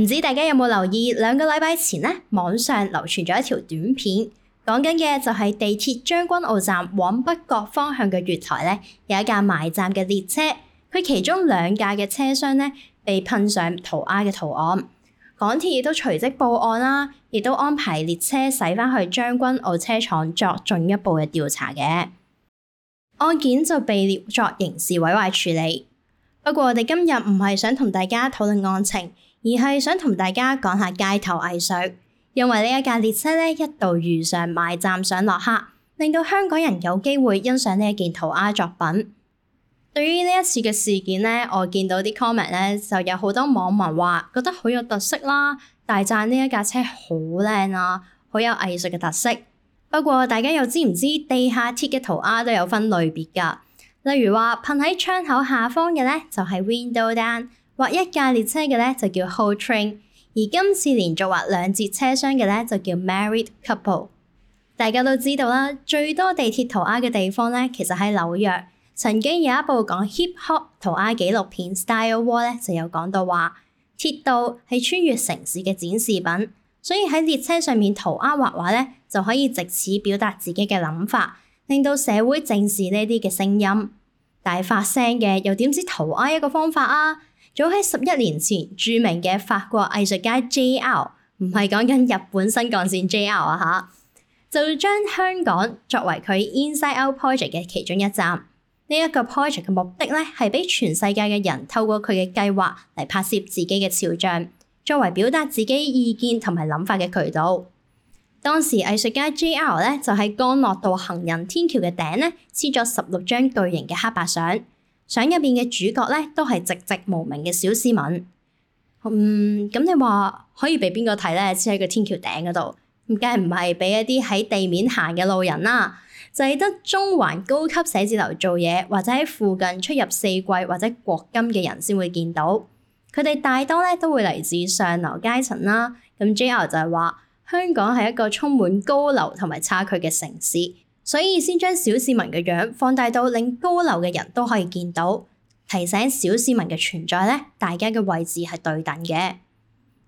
唔知大家有冇留意？兩個禮拜前呢，網上流傳咗一條短片，講緊嘅就係地鐵將軍澳站往北角方向嘅月台呢，有一架埋站嘅列車，佢其中兩架嘅車廂呢，被噴上塗鴉嘅圖案。港鐵亦都隨即報案啦，亦都安排列車駛翻去將軍澳車廠作進一步嘅調查。嘅案件就被列作刑事毀壞處理。不過，我哋今日唔係想同大家討論案情。而係想同大家講下街頭藝術，因為呢一架列車咧一度遇上埋站上落客，令到香港人有機會欣賞呢一件塗鴉作品。對於呢一次嘅事件咧，我見到啲 comment 咧就有好多網民話覺得好有特色啦，大讚呢一架車好靚啊，好有藝術嘅特色。不過大家又知唔知地下鐵嘅塗鴉都有分類別㗎？例如話噴喺窗口下方嘅咧就係 window down。畫一架列車嘅咧就叫 whole train，而今次連續畫兩節車廂嘅咧就叫 married couple。大家都知道啦，最多地鐵塗鴉嘅地方咧，其實喺紐約。曾經有一部講 hip hop 塗鴉紀錄片《Style War》咧，就有講到話，鐵道係穿越城市嘅展示品，所以喺列車上面塗鴉畫畫咧就可以借此表達自己嘅諗法，令到社會正視呢啲嘅聲音。但係發聲嘅又點知塗鴉一個方法啊？早喺十一年前，著名嘅法國藝術家 JR 唔係講緊日本新幹線 JR 啊嚇，就將香港作為佢 Inside Out Project 嘅其中一站。呢、這、一個 project 嘅目的咧，係俾全世界嘅人透過佢嘅計劃嚟拍攝自己嘅肖像，作為表達自己意見同埋諗法嘅渠道。當時藝術家 JR 咧就喺光樂道行人天橋嘅頂咧，黐咗十六張巨型嘅黑白相。相入面嘅主角咧，都係籍籍無名嘅小市民。嗯，咁你話可以畀邊個睇咧？先喺個天橋頂嗰度，梗係唔係畀一啲喺地面行嘅路人啦，就係、是、得中環高級寫字樓做嘢或者喺附近出入四季或者國金嘅人先會見到。佢哋大多咧都會嚟自上流階層啦。咁 JR 就係話，香港係一個充滿高樓同埋差距嘅城市。所以先將小市民嘅樣放大到令高樓嘅人都可以見到，提醒小市民嘅存在呢，大家嘅位置係對等嘅。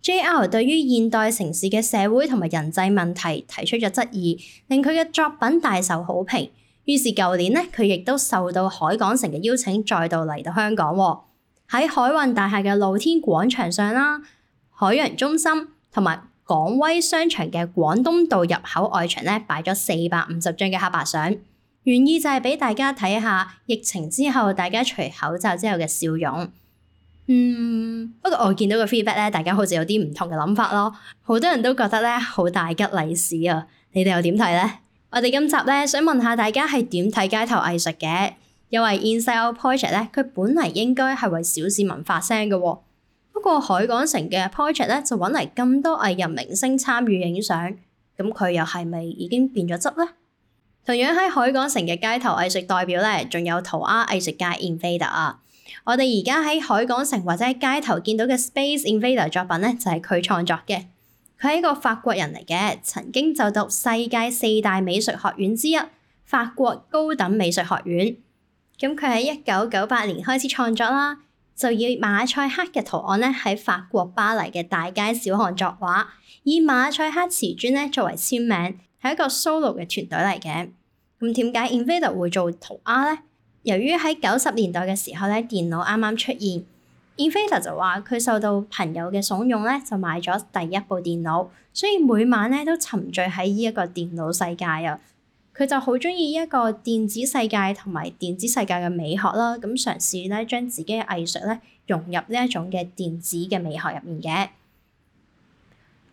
JR 對於現代城市嘅社會同埋人際問題提出咗質疑，令佢嘅作品大受好評。於是舊年呢，佢亦都受到海港城嘅邀請，再度嚟到香港喎。喺海運大廈嘅露天廣場上啦，海洋中心同埋港威商場嘅廣東道入口外牆咧擺咗四百五十張嘅黑白相，原意就係俾大家睇下疫情之後大家除口罩之後嘅笑容。嗯，不過我見到個 feedback 咧，大家好似有啲唔同嘅諗法咯。好多人都覺得咧好大吉利市啊！你哋又點睇咧？我哋今集咧想問下大家係點睇街頭藝術嘅？因為 Inside Out Project 咧，佢本嚟應該係為小市民發聲嘅。不過海港城嘅 project 呢，就揾嚟咁多藝人明星參與影相，咁佢又係咪已經變咗質呢？同樣喺海港城嘅街頭藝術代表呢，仲有塗鴉藝術家 Invader。我哋而家喺海港城或者喺街頭見到嘅 Space Invader 作品呢，就係、是、佢創作嘅。佢係一個法國人嚟嘅，曾經就讀世界四大美術學院之一法國高等美術學院。咁佢喺一九九八年開始創作啦。就要馬賽克嘅圖案咧，喺法國巴黎嘅大街小巷作畫，以馬賽克瓷磚作為簽名，係一個 solo 嘅團隊嚟嘅。咁點解 Invader 會做塗鴉咧？由於喺九十年代嘅時候咧，電腦啱啱出現，Invader，就話佢受到朋友嘅慫恿就買咗第一部電腦，所以每晚都沉醉喺依一個電腦世界。佢就好鍾意一個電子世界同埋電子世界嘅美學啦，咁嘗試咧將自己嘅藝術咧融入呢一種嘅電子嘅美學入面嘅，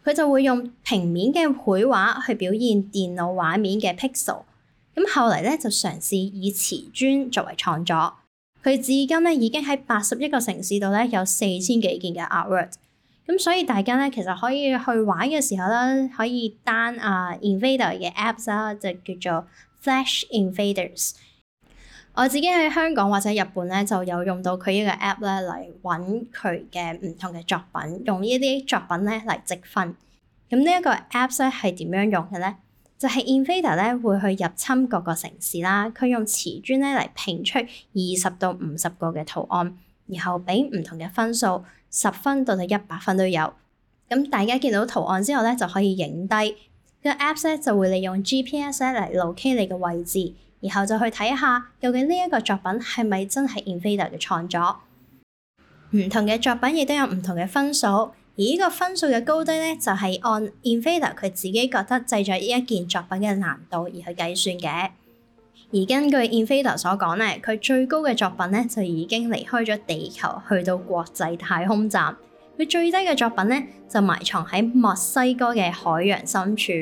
佢就會用平面嘅繪畫去表現電腦畫面嘅 pixel，咁後嚟咧就嘗試以瓷磚作為創作，佢至今咧已經喺八十一個城市度咧有四千幾件嘅 artwork。咁、嗯、所以大家咧，其實可以去玩嘅時候咧，可以 down 啊 Invader 嘅 apps 啦，就叫做 Flash Invaders。我自己喺香港或者日本咧，就有用到佢呢個 app 咧嚟揾佢嘅唔同嘅作品，用呢啲作品咧嚟積分。咁呢一個 apps 咧係點樣用嘅咧？就係、是、Invader 咧會去入侵各個城市啦，佢用瓷磚咧嚟拼出二十到五十個嘅圖案。然後畀唔同嘅分數，十分到到一百分都有。咁大家見到圖案之後咧，就可以影低個 Apps 咧，就會利用 GPS 咧嚟 locate 你嘅位置，然後就去睇下究竟呢一個作品係咪真係 Invader 嘅創作。唔同嘅作品亦都有唔同嘅分數，而呢個分數嘅高低咧，就係按 Invader 佢自己覺得製作呢一件作品嘅難度而去計算嘅。而根據 Invader 所講呢，佢最高嘅作品呢，就已經離開咗地球，去到國際太空站；佢最低嘅作品呢，就埋藏喺墨西哥嘅海洋深處。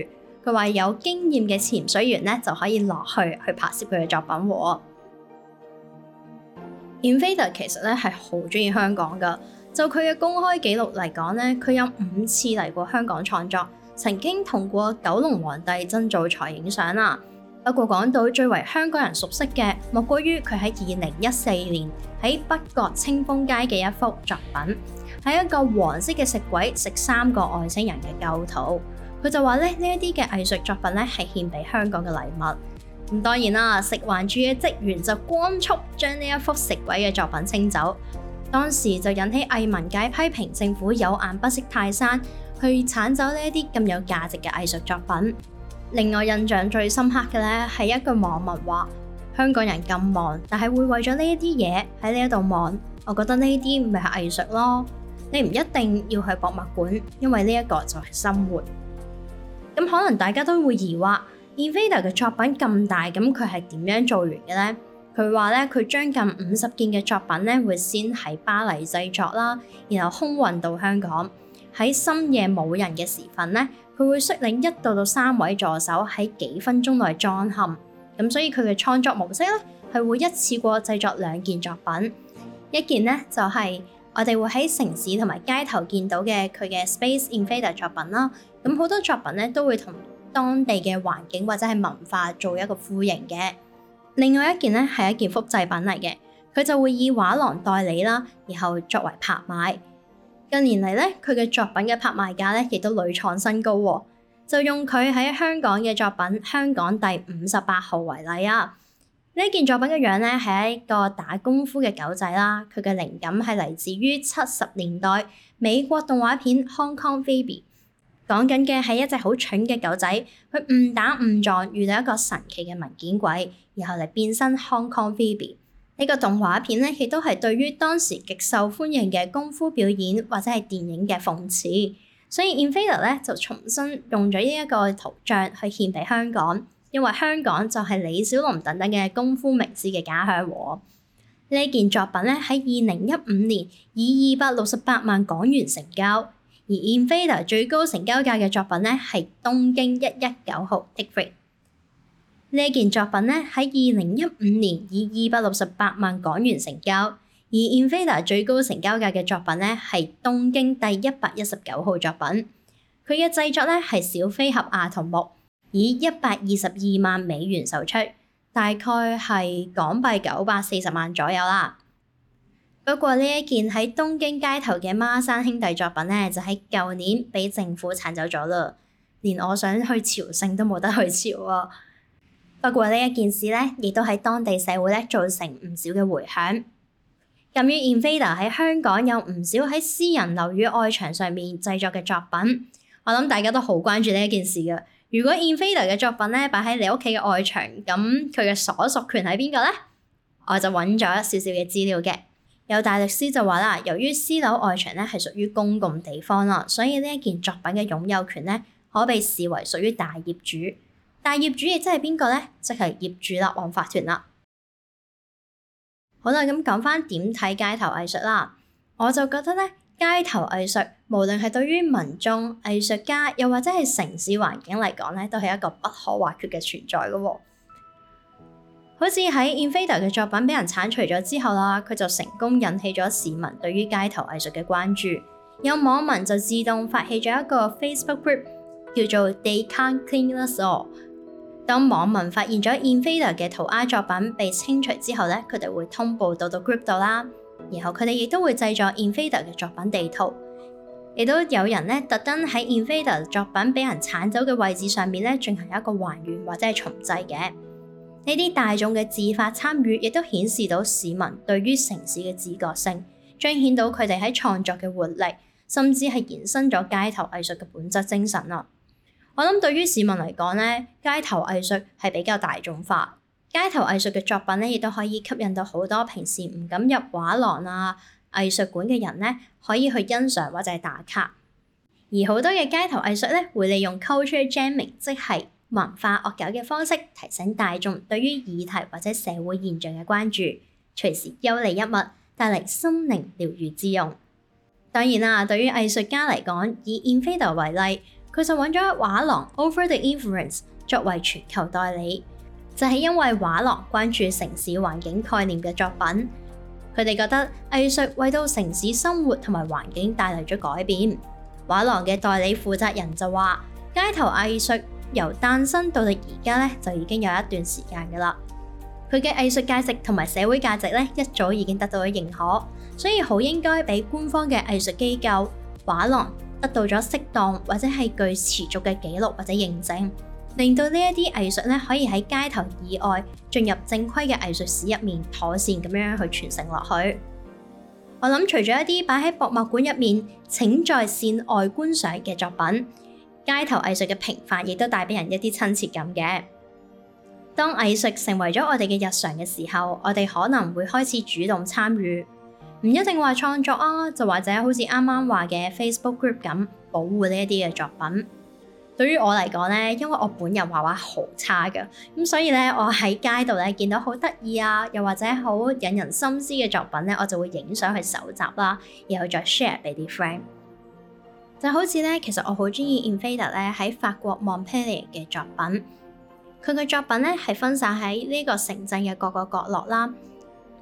佢話有經驗嘅潛水員呢，就可以落去去拍攝佢嘅作品喎。Invader 其實呢，係好鍾意香港㗎，就佢嘅公開記錄嚟講呢，佢有五次嚟過香港創作，曾經同過九龍皇帝曾灶財影相啦。不過講到最為香港人熟悉嘅，莫過於佢喺二零一四年喺北角清風街嘅一幅作品，係一個黃色嘅食鬼食三個外星人嘅構圖。佢就話咧，呢一啲嘅藝術作品咧，係獻俾香港嘅禮物。咁當然啦，食環署嘅職員就光速將呢一幅食鬼嘅作品清走，當時就引起藝文界批評政府有眼不識泰山，去鏟走呢一啲咁有價值嘅藝術作品。令我印象最深刻嘅呢，係一個網民話：香港人咁忙，但係會為咗呢一啲嘢喺呢一度忙。我覺得呢啲咪係藝術咯，你唔一定要去博物館，因為呢一個就係生活。咁可能大家都會疑惑 Invader 嘅作品咁大，咁佢係點樣做完嘅呢？佢話呢，佢將近五十件嘅作品呢會先喺巴黎製作啦，然後空運到香港，喺深夜冇人嘅時分呢。佢會率領一到到三位助手喺幾分鐘內裝嵌，咁所以佢嘅創作模式咧係會一次過製作兩件作品，一件呢，就係我哋會喺城市同埋街頭見到嘅佢嘅 Space Invader 作品啦。咁好多作品咧都會同當地嘅環境或者係文化做一個呼應嘅。另外一件咧係一件複製品嚟嘅，佢就會以畫廊代理啦，然後作為拍賣。近年嚟咧，佢嘅作品嘅拍賣價咧亦都屢創新高。就用佢喺香港嘅作品《香港第五十八號》為例啊，呢件作品嘅樣咧係一個打功夫嘅狗仔啦。佢嘅靈感係嚟自於七十年代美國動畫片《Hong Kong Phooey》，講緊嘅係一隻好蠢嘅狗仔，佢誤打誤撞遇到一個神奇嘅文件櫃，然後嚟變身《Hong Kong Phooey》。呢個動畫片咧，亦都係對於當時極受歡迎嘅功夫表演或者係電影嘅諷刺，所以 Invader 咧就重新用咗呢一個圖像去獻俾香港，因為香港就係李小龍等等嘅功夫明星嘅家鄉喎。呢件作品咧喺二零一五年以二百六十八萬港元成交，而 Invader 最高成交價嘅作品咧係東京一一九號 Take Five 呢件作品咧喺二零一五年以二百六十八萬港元成交，而 Invader 最高成交價嘅作品咧係東京第一百一十九號作品，佢嘅製作咧係小飛俠阿童木，以一百二十二萬美元售出，大概係港幣九百四十萬左右啦。不過呢一件喺東京街頭嘅孖山兄弟作品呢，就喺舊年畀政府剷走咗啦，連我想去朝聖都冇得去朝啊！不過呢一件事呢，亦都喺當地社會呢造成唔少嘅迴響。由於 Invader 喺香港有唔少喺私人樓宇外牆上面製作嘅作品，我諗大家都好關注呢一件事嘅。如果 Invader 嘅作品咧擺喺你屋企嘅外牆，咁佢嘅所屬權係邊個咧？我就揾咗一少少嘅資料嘅，有大律師就話啦，由於私樓外牆咧係屬於公共地方咯，所以呢一件作品嘅擁有權咧可被視為屬於大業主。但業主亦即係邊個呢？即係業主啦，王法團啦。好啦，咁講翻點睇街頭藝術啦。我就覺得呢，街頭藝術無論係對於民眾、藝術家，又或者係城市環境嚟講呢都係一個不可或缺嘅存在噶喎。好似喺 Invader 嘅作品俾人剷除咗之後啦，佢就成功引起咗市民對於街頭藝術嘅關注。有網民就自動發起咗一個 Facebook group 叫做 They Can't Clean Us All。當網民發現咗 Enfader 嘅圖 I 作品被清除之後呢，佢哋會通報到到 Group 度啦。然後佢哋亦都會製作 i n f a d e r 嘅作品地圖，亦都有人呢特登喺 i n f a d e r 作品俾人鏟走嘅位置上面呢進行一個還原或者係重製嘅。呢啲大眾嘅自發參與，亦都顯示到市民對於城市嘅自覺性，彰顯到佢哋喺創作嘅活力，甚至係延伸咗街頭藝術嘅本質精神啊！我諗對於市民嚟講呢，街頭藝術係比較大眾化。街頭藝術嘅作品呢，亦都可以吸引到好多平時唔敢入畫廊啊、藝術館嘅人呢，可以去欣賞或者打卡。而好多嘅街頭藝術呢，會利用 culture jamming，即係文化惡搞嘅方式，提醒大眾對於議題或者社會現象嘅關注，隨時優利一物，帶嚟心靈療癒之用。當然啦，對於藝術家嚟講，以 Invader 為例。佢就揾咗畫廊 Over the Influence 作為全球代理，就係、是、因為畫廊關注城市環境概念嘅作品，佢哋覺得藝術為到城市生活同埋環境帶嚟咗改變。畫廊嘅代理負責人就話，街頭藝術由誕生到到而家咧，就已經有一段時間噶啦。佢嘅藝術價值同埋社會價值咧，一早已經得到咗認可，所以好應該俾官方嘅藝術機構畫廊。得到咗適當或者係具持續嘅記錄或者認證，令到呢一啲藝術咧可以喺街頭以外進入正規嘅藝術史入面，妥善咁樣去傳承落去。我諗除咗一啲擺喺博物館入面請在線外觀賞嘅作品，街頭藝術嘅平凡亦都帶俾人一啲親切感嘅。當藝術成為咗我哋嘅日常嘅時候，我哋可能會開始主動參與。唔一定話創作啊，就或者好似啱啱話嘅 Facebook group 咁，保護呢一啲嘅作品。對於我嚟講呢，因為我本人畫畫好差嘅，咁所以呢，我喺街度咧見到好得意啊，又或者好引人深思嘅作品呢，我就會影上去蒐集啦，然後再 share 俾啲 friend。就好似呢，其實我好中意 Invader 咧喺法國 Montpellier 嘅作品，佢嘅作品呢係分散喺呢個城鎮嘅各個角落啦。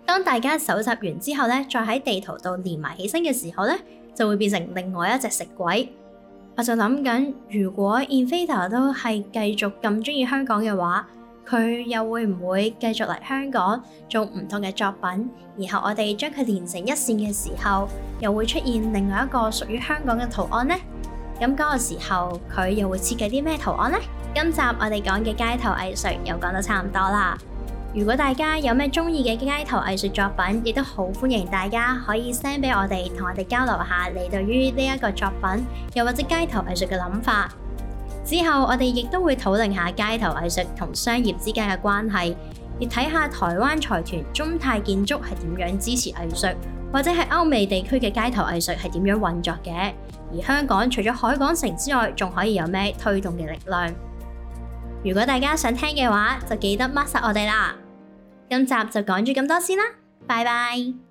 當大家蒐集完之後咧，再喺地圖度連埋起身嘅時候咧，就會變成另外一隻食鬼。我就諗緊，如果 Invader 都係繼續咁中意香港嘅話，佢又會唔會繼續嚟香港做唔同嘅作品？然後我哋將佢連成一線嘅時候，又會出現另外一個屬於香港嘅圖案呢？咁嗰個時候，佢又會設計啲咩圖案呢？今集我哋講嘅街頭藝術又講到差唔多啦。如果大家有咩中意嘅街頭藝術作品，亦都好歡迎大家可以 send 俾我哋，同我哋交流下你對於呢一個作品，又或者街頭藝術嘅諗法。之後我哋亦都會討論下街頭藝術同商業之間嘅關係，亦睇下台灣財團中泰建築係點樣支持藝術，或者係歐美地區嘅街頭藝術係點樣運作嘅。而香港除咗海港城之外，仲可以有咩推動嘅力量？如果大家想聽嘅話，就記得 mark 實我哋啦。今集就講住咁多先啦，拜拜。